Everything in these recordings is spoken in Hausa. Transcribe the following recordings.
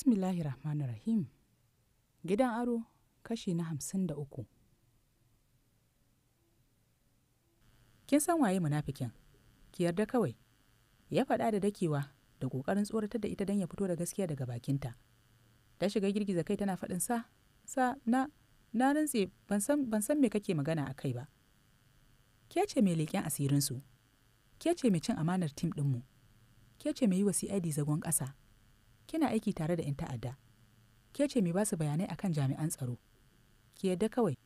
Bismillahir Rahmanir Rahim Gidan aro kashi na hamsin da uku. Kin san waye munafikin, ki yarda kawai, ya faɗa da dakewa da ƙoƙarin tsoratar da ita don ya fito da gaskiya daga bakinta. Ta shiga girgiza kai tana faɗin sa, sa na, na rantse ban san me kake magana a kai ba. Ke ce mai leƙen asirinsu, ke ce mai cin amanar tim ɗinmu, ke ce mai yi wa CID zagon ƙasa, kina aiki tare da 'yan ta'adda ke ce mai basu bayanai akan jami'an tsaro ki yadda kawai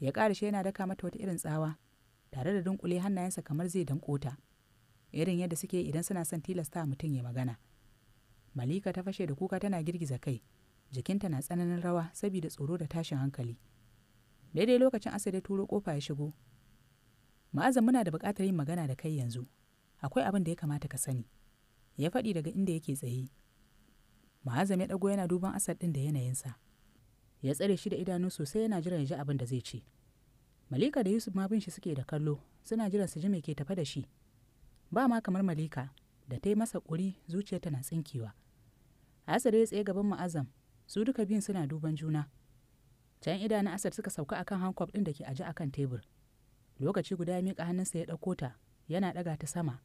ya ƙara shi yana daka mata wata irin tsawa tare da dunkule hannayensa kamar zai danko ta irin yadda suke idan suna son tilasta mutum ya magana malika ta fashe da kuka tana girgiza kai jikinta na tsananin rawa saboda tsoro da tashin hankali daidai lokacin asali turo kofa ya shigo ma'azan muna da buƙatar yin magana da kai yanzu akwai abin da ya kamata ka sani ya faɗi daga inda yake tsaye Ma'azam ya ɗago yana duban Asad ɗin da yanayinsa. Ya tsare shi da idanu sosai yana jiran ya ji abin da zai ce. Malika da Yusuf ma bin shi suke da kallo, suna jiran su ji me ke tafe da shi. Ba ma kamar Malika, da ta yi masa ƙuri zuciyarta na tsinkewa. Asar ya tsaye gaban Ma'azam, su duka biyun suna duban juna. Can idanun Asad suka sauka akan hankwaf ɗin da ke aji akan tebur. Lokaci guda ya miƙa hannunsa ya ɗauko ta, yana ɗaga ta sama,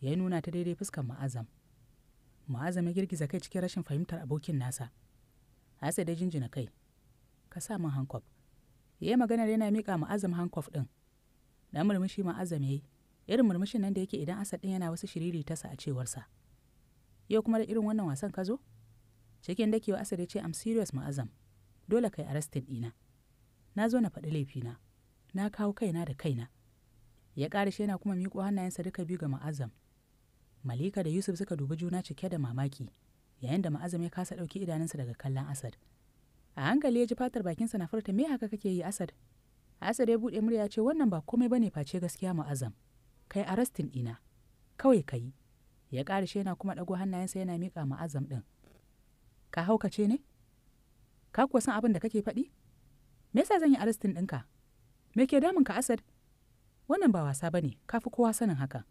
ya yi nuna ta daidai fuskan Ma'azam. ma'azami girgiza kai cikin rashin fahimtar abokin nasa. Hasa dai jinjina kai. Ka sa min hankof. Ya yi maganar yana miƙa ma'azam hankof ɗin. Dan murmushi ma'azam ya yi. Irin murmushin nan da yake idan Asad ɗin yana wasu shiriri tasa a cewarsa. Yau kuma da irin wannan wasan ka zo? Cikin dakewa Asad ya ce am serious ma'azam. Dole kai arrested ɗina. Na zo na faɗi laifina. Na kawo kaina da kaina. Ya ƙarashe yana kuma miƙo hannayensa duka biyu ga ma'azam. malika da yusuf suka dubi juna cike da mamaki yayin da ma'azam ya kasa ɗauki idanunsa daga kallon asad a hankali ya ji fatar bakinsa na furta me haka kake yi asad asad ya buɗe murya ce wannan ba komai bane face gaskiya ma'azam kai arastin ɗina kawai ka yi ya ƙarishe yana kuma ɗago hannayensa yana miƙa ma'azam ɗin ka haukace ne ka kuwa san abin da kake faɗi me yasa zan yi arastin ɗinka me ke damun ka asad wannan ba wasa bane ka fi kowa sanin hakan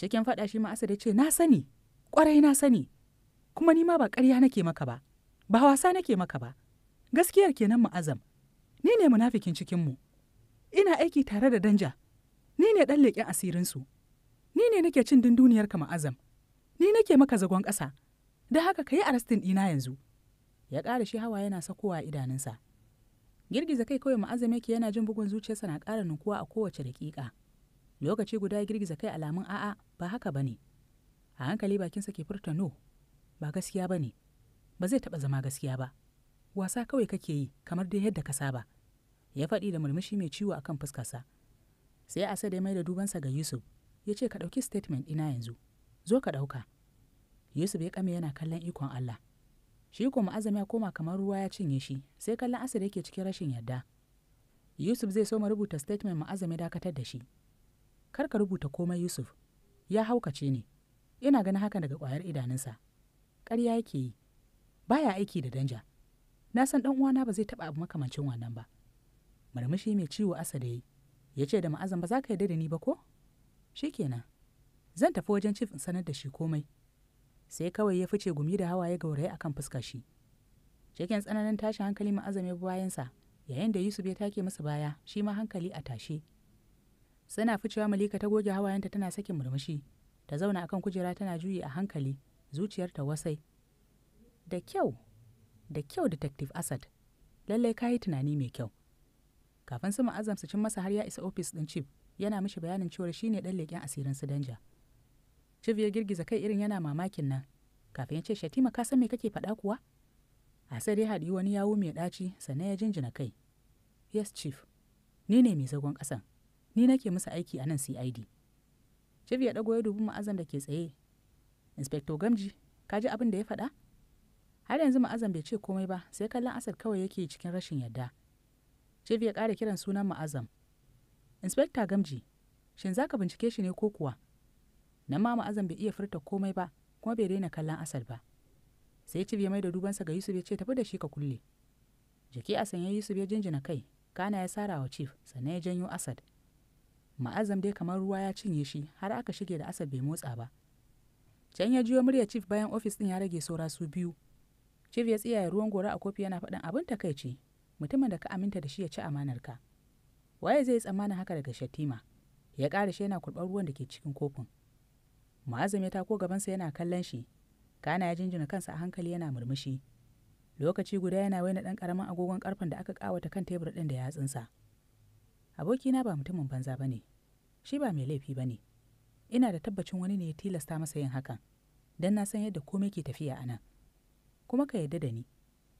cikin faɗa shi ma asad ya ce na sani ƙwarai na sani kuma ni ma ba ƙarya nake maka ba ba wasa nake maka ba gaskiyar kenan ma'azam ni ne munafikin cikinmu ina aiki tare da danja ni ne ɗan leƙen asirinsu ni ne nake cin ka ma'azam ni nake maka zagon ƙasa da haka ka yi arastin ɗina yanzu ya ƙara shi hawa yana sakowa a idanunsa girgiza kai kawai ma'azam yake yana jin bugun zuciyarsa na ƙara ninkuwa a kowace daƙiƙa lokaci guda girgiza kai alamun a'a ba haka ba ne a hankali bakinsa ke furta no ba gaskiya ba ne ba zai taɓa zama gaskiya ba wasa kawai kake yi kamar dai yadda ka saba ya faɗi da murmushi mai ciwo akan fuskarsa sai a da mai da dubansa ga yusuf ya ce ka ɗauki statement ina yanzu zo ka ɗauka yusuf ya kame yana kallon ikon allah shi ko ya koma kamar ruwa ya cinye shi sai kallon asir yake cikin rashin yarda yusuf zai so mu rubuta statement mu ya dakatar da shi kar ka rubuta komai yusuf ya haukace ne ina ganin haka daga ƙwayar idanunsa ƙarya yake yi baya aiki da danja na san ɗan uwana ba zai taɓa abu makamancin wannan ba murmushi mai ciwo asa da ya ce da ma'azan ba za ka yarda da ni ba ko Shi shikenan zan tafi wajen cif in sanar da shi komai sai kawai ya fice gumi da hawa hawaye gauraye akan fuska shi cikin tsananin tashin hankali ma'azam ya bayansa yayin da yusuf ya take masa baya shi ma hankali a tashe suna ficewa malika ta goge hawayenta tana sakin murmushi ta zauna akan kujera tana juyi a hankali zuciyarta wasai da kyau da kyau detective asad lallai kayi tunani mai kyau kafin su ma'azam su cin masa har ya isa ofis din chief yana mishi bayanin cewar ne dan leken asirin su danja chief ya girgiza kai irin yana mamakin nan kafin ya ce shatima ka san me kake faɗa kuwa asad ya haɗi wani yawo mai ɗaci sannan ya jinjina kai yes chief ni ne mai zagon ƙasan ni nake musu aiki a nan cid Chief ya ɗago ya dubi ma'azan da ke tsaye inspector gamji ka ji abin da ya faɗa har yanzu ma'azan bai ce komai ba sai kallon asad kawai yake cikin rashin yarda Chief ya ƙara kiran sunan ma'azam inspector gamji shin za ka bincike shi ne ko kuwa nan ma ma'azan bai iya furta komai ba kuma bai daina kallon asad ba sai Chief ya mai da dubansa ga yusuf ya ce tafi da shi ka kulle Jaki a sanya yusuf ya jinjina kai kana ya sara wa Chief sannan ya janyo asad ma'azam dai kamar ruwa ya cinye shi har aka shige da asad bai motsa ba can ya jiyo murya chief bayan ofis din ya rage saura su biyu chief ya tsiyaye ruwan gora a kofi yana faɗin abin takaici mutumin da ka aminta da shi ya ci amanar ka. waye zai tsammanin haka daga shatima ya ƙara shi yana kurɓar ruwan da ke cikin kofin ma'azam ya tako gabansa yana kallon shi kana ya jinjina kansa a hankali yana murmushi lokaci guda yana waina ɗan ƙaramin agogon ƙarfen da aka ƙawata kan tebur ɗin da yatsunsa abokina ba mutumin banza ba ne shi ba mai laifi ba ne ina da tabbacin wani ne ya tilasta masa yin hakan don na san yadda komai ke tafiya a nan kuma ka yarda da ni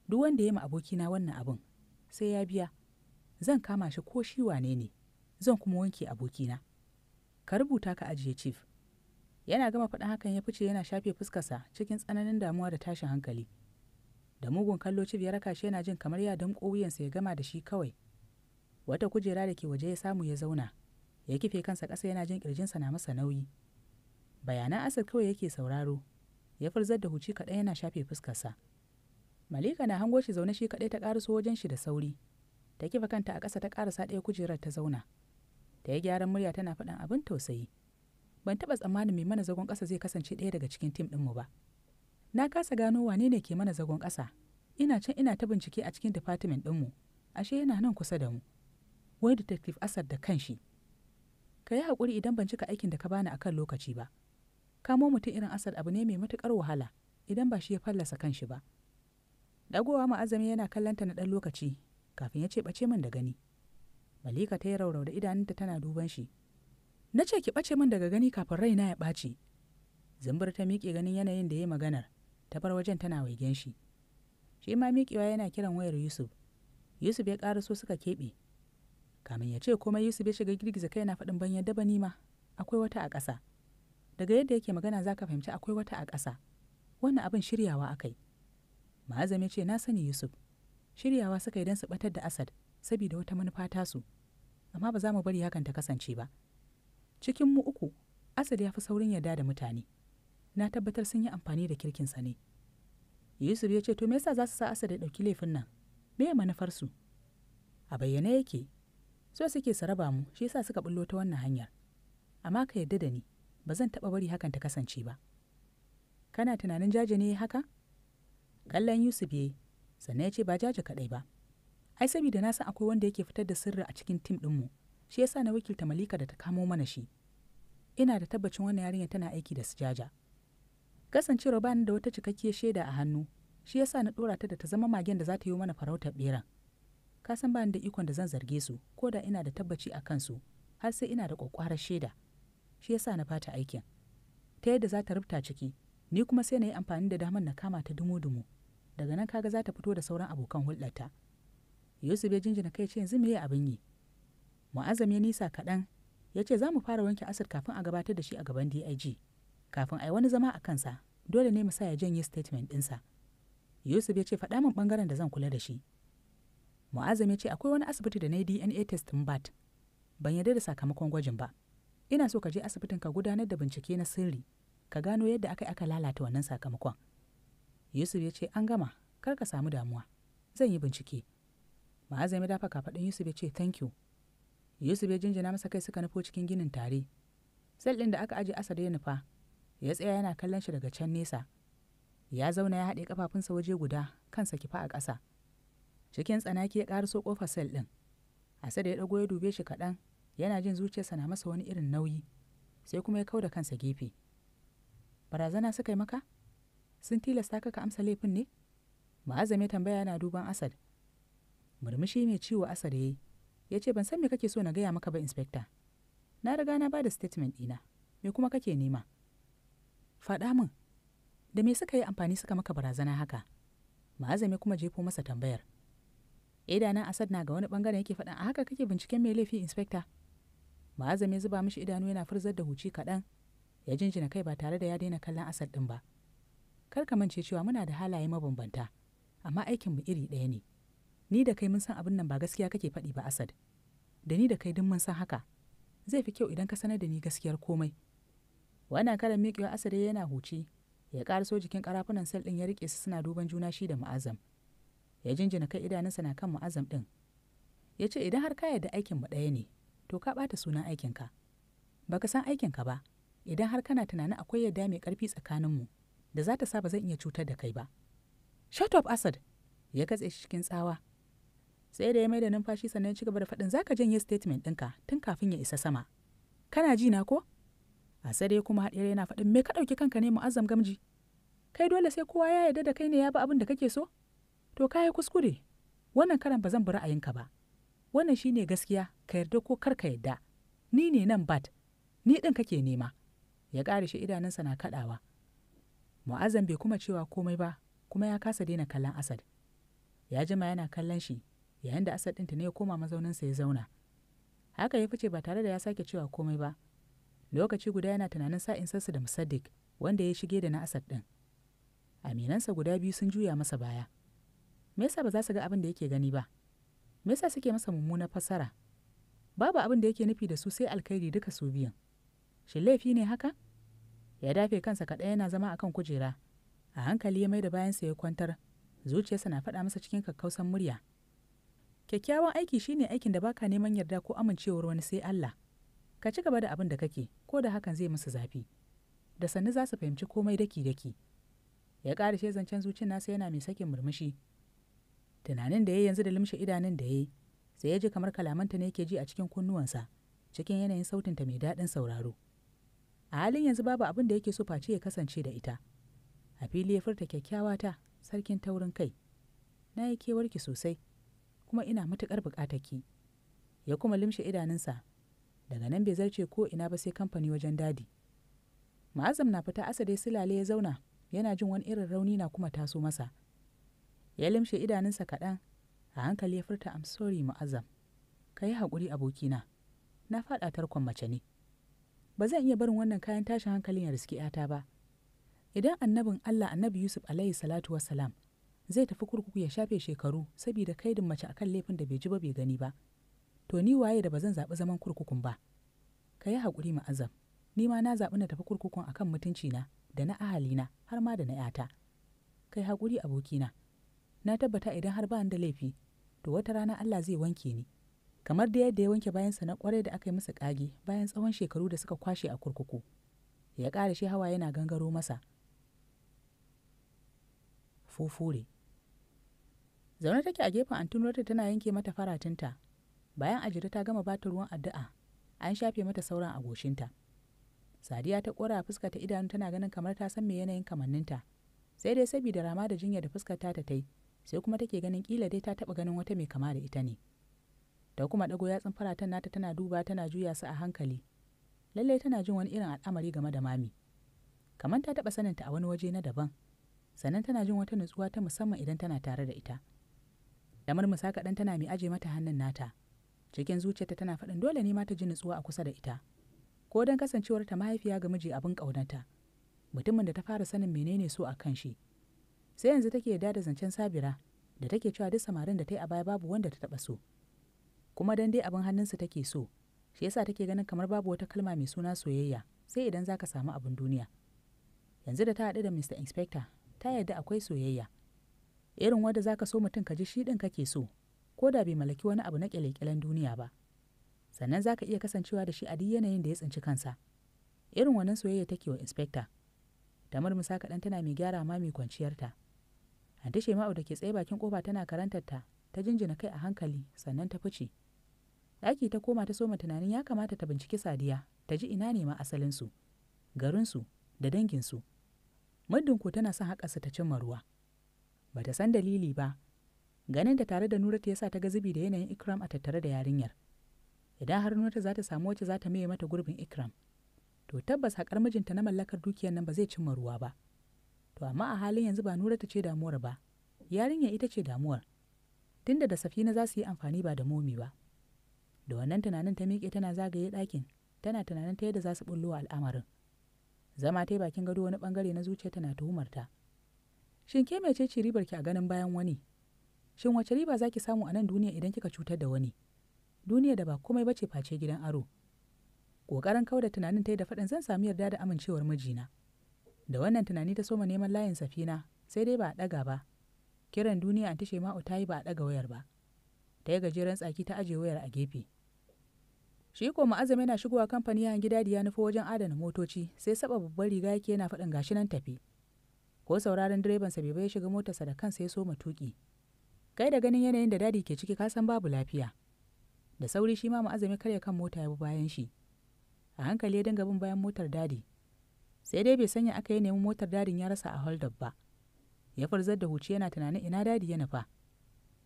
duk wanda ya ma abokina wannan abun. sai ya biya zan kama shi ko shi wane ne zan kuma wanke abokina ka rubuta ka ajiye chief yana gama faɗin hakan ya fice yana shafe fuskarsa cikin tsananin damuwa da tashin hankali da mugun kallo chief ya raka shi yana jin kamar ya damƙo wuyansa ya gama da shi kawai wata kujera da ke waje ya samu ya zauna ya kife kansa ƙasa yana jin ƙirjinsa na masa nauyi bayanan asad kawai yake sauraro ya farzar da huci kaɗai yana shafe fuskarsa malika na hango shi zaune shi kaɗai ta ƙaraso wajen shi da sauri ta kifa kanta a ƙasa ta ƙarasa ɗaya kujerar ta zauna ta ya gyaran murya tana faɗin abin tausayi ban taɓa tsammanin mai mana zagon ƙasa zai kasance ɗaya daga cikin tim ɗinmu ba na kasa gano wane ne ke mana zagon ƙasa ina can ina ta bincike a cikin difatimin ɗinmu ashe yana nan kusa da mu wai detective asad da kanshi ka yi haƙuri idan ban cika aikin da ka bani akan lokaci ba kamo mutum irin asad abu ne mai matuƙar wahala idan ba shi ya fallasa kanshi ba dagowa ma'azami yana kallanta na ɗan lokaci kafin ya ce ɓace min da gani malika ta yi raurau da idanunta tana duban shi na ce ki ɓace min daga gani kafin raina ya ɓaci zumbur ta miƙe ganin yanayin da ya yi maganar ta bar wajen tana waigen shi shi ma miƙewa yana kiran wayar yusuf yusuf ya ƙara so suka keɓe kamin ya ce komai yusuf ya shiga girgiza kai yana faɗin ban yadda ma. nima akwai wata a ƙasa daga yadda yake magana za ka fahimci akwai wata a ƙasa wannan abin shiryawa akai kai. ya ce na sani yusuf shiryawa suka yi don su ɓatar da asad saboda wata manufa tasu amma ba za mu bari hakan ta kasance ba cikin mu uku asad ya fi saurin yarda da mutane na tabbatar sun yi amfani da kirkinsa ne yusuf ya ce to me yasa za su sa asad ya ɗauki laifin nan me manufarsu a bayyane yake so suke su raba mu shi yasa suka bullo ta wannan hanyar amma ka yarda da ni ba zan taɓa bari hakan ta kasance ba kana tunanin jaje ne haka kallon yusuf ya yi sannan ya ce ba jaje kaɗai ba ai sabida na san akwai wanda yake fitar da sirri a cikin tim ɗinmu shi yasa na wakilta malika da ta kamo mana shi ina da tabbacin wannan yarinya tana aiki da su jaja kasancewar ba ni da wata cikakkiyar shaida a hannu shi yasa na ɗora ta da ta zama magen da za ta yi mana farautar ɓeran ka san ba ni da ikon da zan zarge su ko da ina da tabbaci a kansu har sai ina da kwakwarar shaida shi yasa na fata aikin ta yadda za ta rubuta ciki ni kuma sai na yi amfani da damar na kama ta dumu-dumu daga nan kaga za ta fito da sauran abokan hulɗarta yusuf ya jinjina kai ce yanzu me abin yi mu'azzam ya nisa kaɗan ya ce za mu fara wanke asir kafin a gabatar da shi a gaban dig kafin a yi wani zama a kansa dole ne mu sa ya janye statement ɗinsa yusuf ya ce faɗa min ɓangaren da zan kula da shi mu'azzam ya ce akwai wani asibiti da na yi dna test in bat ban yarda da sakamakon gwajin ba ina so ka je asibitin ka gudanar da bincike na sirri ka gano yadda aka aka lalata wannan sakamakon yusuf ya ce an gama kar ka samu damuwa zan yi bincike ya dafa kafaɗin yusuf ya ce thank you yusuf ya jinjina masa kai suka nufo cikin ginin tare sel ɗin da aka aje da ya nufa ya tsaya yana kallon shi daga can nesa ya zauna ya haɗe kafafunsa waje guda kansa kifa a ƙasa cikin tsanaki ya ƙaraso kofar sel ɗin asad ya ɗago ya dube shi kaɗan yana jin zuciyarsa na masa wani irin nauyi sai kuma ya kau da kansa gefe barazana suka yi maka sun tilasta ka ka amsa laifin ne ma'azame tambaya yana duban asad murmushi mai ciwo asad ya yi ya ce ban san me kake so na gaya maka ba inspector na riga na bada da statement ɗina me kuma kake nema faɗa min da me suka yi amfani suka maka barazana haka ma'azame kuma jefo masa tambayar idanun eh, asad na ga wani bangaren yake faɗin a haka kake binciken mai laifi inspector Ma ya zuba mishi idanu yana furzar da huci kaɗan ya jinjina kai ba tare da ya daina kallon asad ɗin ba kar ka mance cewa muna da halaye mabambanta amma aikinmu iri ɗaya ne ni da kai mun san abin nan ba gaskiya kake faɗi ba asad da ni da kai duk mun san haka zai fi kyau idan ka sanar da ni gaskiyar komai wannan karan miƙewa asad yana huci ya ƙaraso jikin ƙarafunan sel ɗin ya riƙe su suna duban juna shi da ma'azam ya jinjina kai idanunsa na kan mu'azzam ɗin ya ce idan har ka yarda aikin mu ɗaya ne to ka ɓata sunan aikinka ka san aikinka ba idan har kana tunanin akwai yarda mai ƙarfi tsakaninmu da za ta sa ba zan iya cutar da kai ba shut up asad ya katse shi cikin tsawa sai da ya mai da numfashi sannan ci gaba da faɗin zaka janye statement ɗinka tun kafin ya isa sama kana ji na ko asad ya kuma haɗe yana faɗin me ka ɗauki kanka ne mu'azzam gamji kai dole sai kowa ya yarda da kai ne ya ba abin da kake so to ka yi kuskure wannan karan ba zan bi ra'ayinka ba wannan shi ne gaskiya ka yarda ko kar ka yarda ni ne nan bad ni ɗin kake nema ya ƙare shi idanunsa na kaɗawa mu'azzam bai kuma cewa komai ba kuma ya kasa daina kallon asad ya jima yana kallon shi yayin da asad ɗinta ne ya koma mazauninsa ya zauna haka ya fice ba tare da ya sake cewa komai ba lokaci guda yana tunanin sa'in sassa da musaddik wanda ya shige da na asad ɗin aminansa guda biyu sun juya masa baya me yasa ba za su ga abin da yake gani ba me yasa suke masa mummuna fasara babu abin da yake nufi da su sai alkhairi duka su biyan Shin laifi ne haka ya dafe kansa kaɗai yana zama akan kujera a hankali ya mai da bayansa ya kwantar zuciyarsa na faɗa masa cikin kakkausan murya kyakkyawan aiki shine aikin da baka neman yarda ko amincewar wani sai Allah ka ci gaba da abin da kake ko da hakan zai musu zafi da sannu za su fahimci komai daki daki ya ƙara zancen zuciyar nasa yana mai sakin murmushi tunanin da ya yanzu da limshe idanun da ya yi sai ya ji kamar kalamanta ne ke ji a cikin kunnuwansa cikin yanayin sautinta mai daɗin sauraro a halin yanzu babu abin da yake so face ya kasance da ita a fili ya furta kyakkyawa ta sarkin taurin kai na yi kewarki sosai kuma ina matuƙar buƙatar ki ya kuma limshe idanunsa daga nan bai zarce ko ina ba sai kamfani wajen dadi ma'azam na fita dai silale ya zauna yana jin wani irin rauni na kuma taso masa ya limshe idanunsa kaɗan a hankali ya furta am sorry mu'azzam ka yi haƙuri abokina na faɗa tarkon mace ne ba zan iya barin wannan kayan tashin hankalin ya riski ‘yata ba idan annabin allah annabi yusuf alaihi salatu Wasalam zai tafi kurkuku ya shafe shekaru saboda kaidin mace akan laifin da bai ji ba bai gani ba to ni waye da ba zan zaɓi zaman kurkukun ba ka yi haƙuri mu'azzam ni ma na zaɓi na tafi kurkukun akan mutuncina da na ahalina har ma da na ‘yata kai haƙuri abokina na tabbata idan har ba da laifi to wata rana Allah zai wanke ni kamar da yadda ya wanke bayan sa na kwarai da aka yi masa kage bayan tsawon shekaru da suka kwashe a kurkuku ya ƙara shi hawa yana gangaro masa fufure zaune take a gefen ta tana yanke mata faratinta bayan ajira ta gama bata ruwan addu'a an shafe mata sauran agoshinta sadiya ta kora fuska ta idanu tana ganin kamar ta san me yanayin kamanninta sai dai sabida rama da jinya da fuskar ta ta yi sai kuma take ganin kila dai ta taɓa ganin wata mai kama da ita ne da kuma ɗago yatsun faratan nata tana duba tana juya su a hankali lallai tana jin wani irin al'amari game da mami kamar ta taɓa saninta a wani waje na daban sannan tana jin wata nutsuwa ta musamman idan tana tare da ita da murmusa kaɗan tana mai aje mata hannun nata cikin zuciyarta tana faɗin dole ne ma ta ji nutsuwa a kusa da ita ko don kasancewar ta mahaifiya ga miji abin ƙaunata mutumin da ta fara sanin menene so a kan shi sai yanzu take yarda da zancen sabira da take cewa duk samarin da ta yi a baya babu wanda ta taɓa so kuma dan dai abin hannunsa take so shi yasa take ganin kamar babu wata kalma mai suna soyayya sai idan zaka samu abin duniya yanzu da ta haɗu da Mr. Inspector ta yarda akwai soyayya irin wanda zaka so mutum ka ji shi ɗin kake so ko da bai mallaki wani abu na kyale-kyalen duniya ba sannan zaka iya kasancewa da shi a duk yanayin da ya tsinci kansa irin wannan soyayya take wa inspector tamar musa kaɗan tana mai gyara ma mai kwanciyarta anti shema'u da ke tsaye bakin kofa tana karantar ta ta jinjina kai a hankali sannan ta fice ɗaki ta koma ta soma tunanin ya kamata ta binciki sadiya ta ji ina ne ma asalinsu garinsu da danginsu muddin ko tana son haƙarsa ta cimma ruwa bata ta san dalili ba ganin da tare da nurata ya sa ta ga zubi da yanayin ikram a tattare da yarinyar idan har Nura za ta samu wacce za ta maye mata gurbin ikram to tabbas haƙar mijinta na mallakar dukiyar nan ba zai cimma ruwa ba to amma a halin yanzu ba nura ta ce damuwar ba yarinya ita ce damuwar tunda da safina za su yi amfani ba da momi ba da wannan tunanin ta miƙe tana zagaye ɗakin tana tunanin ta yadda za su bullo al'amarin zama ta bakin gado wani bangare na zuciya tana tuhumar ta shin ke mece ce ribar ki a ganin bayan wani shin wace riba za ki samu a nan duniya idan kika cutar da wani duniya da ba komai ce face gidan aro ƙoƙarin kawar da tunanin ta yi da faɗin zan sami yarda da amincewar mijina da wannan tunani ta soma neman layin safina sai dai ba a ɗaga ba kiran duniya tashe ma'u ta yi ba a ɗaga wayar ba ta yi gajeren tsaki ta ajiye wayar a gefe shi ko ma'azam yana shigowa kamfani yahan gida da ya nufi wajen adana motoci sai saba babbar riga yake yana faɗin gashi nan tafi ko sauraron direban sa bai shiga motarsa da kansa ya so ma tuki kai da ganin yanayin da dadi ke ciki kasan babu lafiya da sauri shi ma ma'azami karya kan mota ya bi bayan shi a hankali ya dinga bin bayan motar dadi sai dai bai sanya aka yi neman motar dadin ya rasa a holdup ba ya farzar da huce yana tunanin ina dadi ya nufa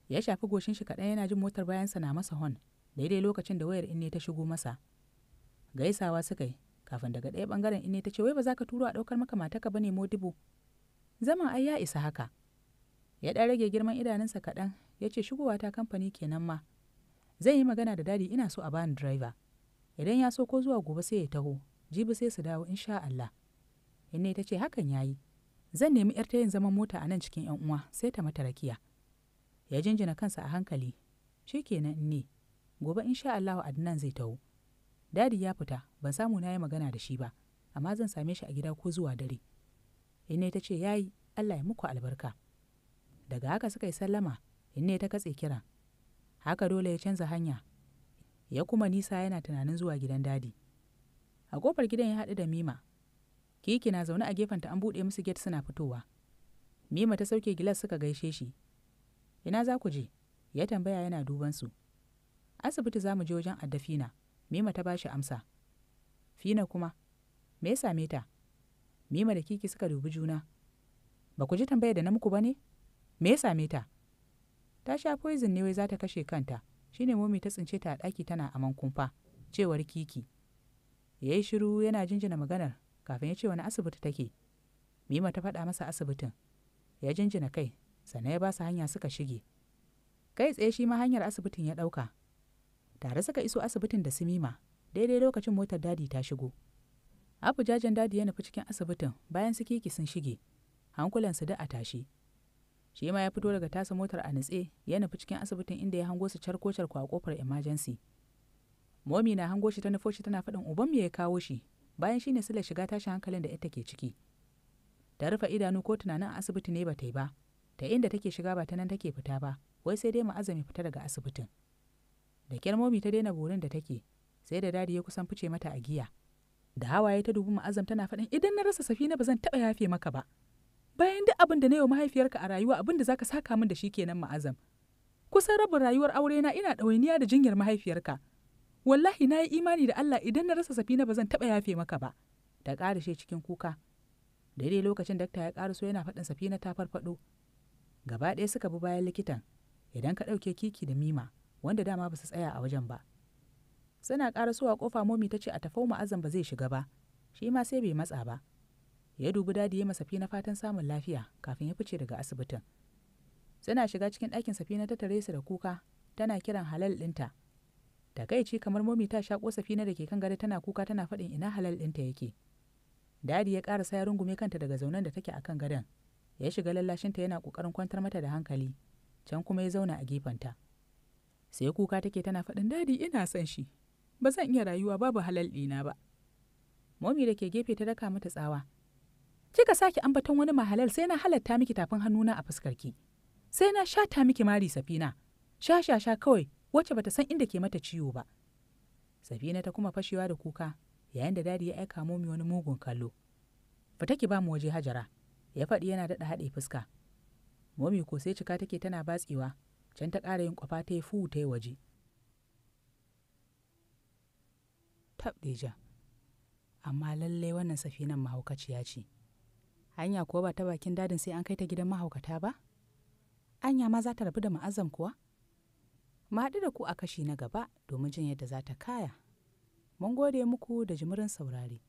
ya shafi goshin shi kaɗan yana jin motar bayansa na masa hon daidai lokacin da wayar inne ta shigo masa gaisawa suka yi kafin daga ɗaya ɓangaren inne ta ce wai ba za ka turo a ɗaukar maka mataka ba ne modibo zama ai ya isa haka ya ɗan rage girman idanunsa kaɗan ya ce shigowa ta kamfani kenan ma Zan yi magana da dadi ina so a bani driver idan ya so ko zuwa gobe sai ya taho jibi sai su dawo insha Allah inna ta ce hakan yayi zan nemi yar ta yin zaman mota a nan cikin yan uwa sai ta mata rakiya ya jinjina kansa a hankali shikenan ne gobe in insha Allahu Adnan zai tawo dadi ya fita ban samu na yi magana da shi ba amma zan same shi a gida ko zuwa dare inna ta ce yayi Allah ya muku albarka daga haka suka yi sallama inna ta katse kiran haka dole ya canza hanya ya kuma nisa yana tunanin zuwa gidan dadi a kofar gidan ya haɗu da mima kiki na zaune a gefen ta an buɗe musu gate suna fitowa mima ta sauke gilas suka gaishe shi ina za ku je ya tambaya yana duban su asibiti za mu je wajen addafina mima ta bashi amsa fina kuma me ya same ta mima da kiki suka dubi juna ba ku ji tambaya da na muku ba ne me ya same ta ta sha poison ne wai za ta kashe kanta shi ne momi ta tsince ta a ɗaki tana aman kumfa cewar kiki ya yi shiru yana jinjina maganar kafin ya ce wani asibiti take mima ta faɗa masa asibitin ya jinjina kai sannan ya ba su hanya suka shige kai tsaye shi ma hanyar asibitin ya ɗauka tare suka iso asibitin da su mima daidai lokacin motar dadi ta shigo abu jajen dadi ya nufi cikin asibitin bayan su kiki sun shige hankulansu duk a tashi shi ma ya fito daga tasa motar a nutse ya nufi cikin asibitin inda ya hango su carko carko a kofar emergency momi na hango shi ta nufo shi tana faɗin uban me ya kawo shi bayan shine sila shiga tashin hankalin da ita ke ciki ta rufe idanu ko tunanin a asibiti ne bata yi ba ta inda take shiga ba ta nan take fita ba wai sai dai azumi fita daga asibitin da kyarmomi ta daina burin da take sai da dadi ya kusan fice mata a giya da hawaye ta dubi ma'azam tana faɗin idan na rasa safina ba zan taɓa yafe maka ba bayan duk abin da na yi wa mahaifiyarka a rayuwa abin da zaka saka min da shi kenan ma'azam kusan rabin rayuwar aure na ina ɗawainiya da jinyar mahaifiyarka wallahi na yi imani da Allah idan na rasa safina ba zan taɓa yafe maka ba ta shi cikin kuka daidai lokacin dakta ya so yana faɗin safina ta farfaɗo gaba ɗaya suka bi bayan likitan idan ka ɗauke kiki da mima wanda dama ba su tsaya a wajen ba suna ƙara a ƙofa momi ta ce a tafau ma'azan ba zai shiga ba shi ma sai bai matsa ba ya dubi dadi ya masafi na fatan samun lafiya kafin ya fice daga asibitin suna shiga cikin ɗakin safina ta tare su da kuka tana kiran halal ɗinta takaici kamar momi ta sha kosafi na da ke kan gado tana kuka tana faɗin ina halal ɗinta yake dadi ya ƙarasa ya rungume kanta daga zaunen da take akan gadon ya shiga lallashinta yana ƙoƙarin kwantar mata da hankali can kuma ya zauna a gefenta sai kuka take tana faɗin dadi ina son shi ba zan iya rayuwa babu halal ɗina ba momi da ke gefe ta daka mata tsawa kika sake ambaton wani mahalal sai na halatta miki tafin hannuna a fuskar fuskarki sai na shata miki mari safina sha sha sha kawai wacce bata san inda ke mata ciwo ba Safina ta kuma fashewa da kuka yayin da dadi ya aika momi wani mugun kallo fita ki ba mu waje hajara ya faɗi yana daɗa haɗe fuska momi ko sai cika take tana batsewa can ta ƙara yin kwafa ta yi fu ta yi waje tabɗeja amma lallai wannan safinan mahaukaciya ce hanya kuwa ba ta bakin dadin sai an kai ta gidan mahaukata ba anya ma za ta rabu da ma'azam kuwa mu haɗu da ku a kashi na gaba domin jin yadda za ta kaya. Mun gode muku da jimurin saurari.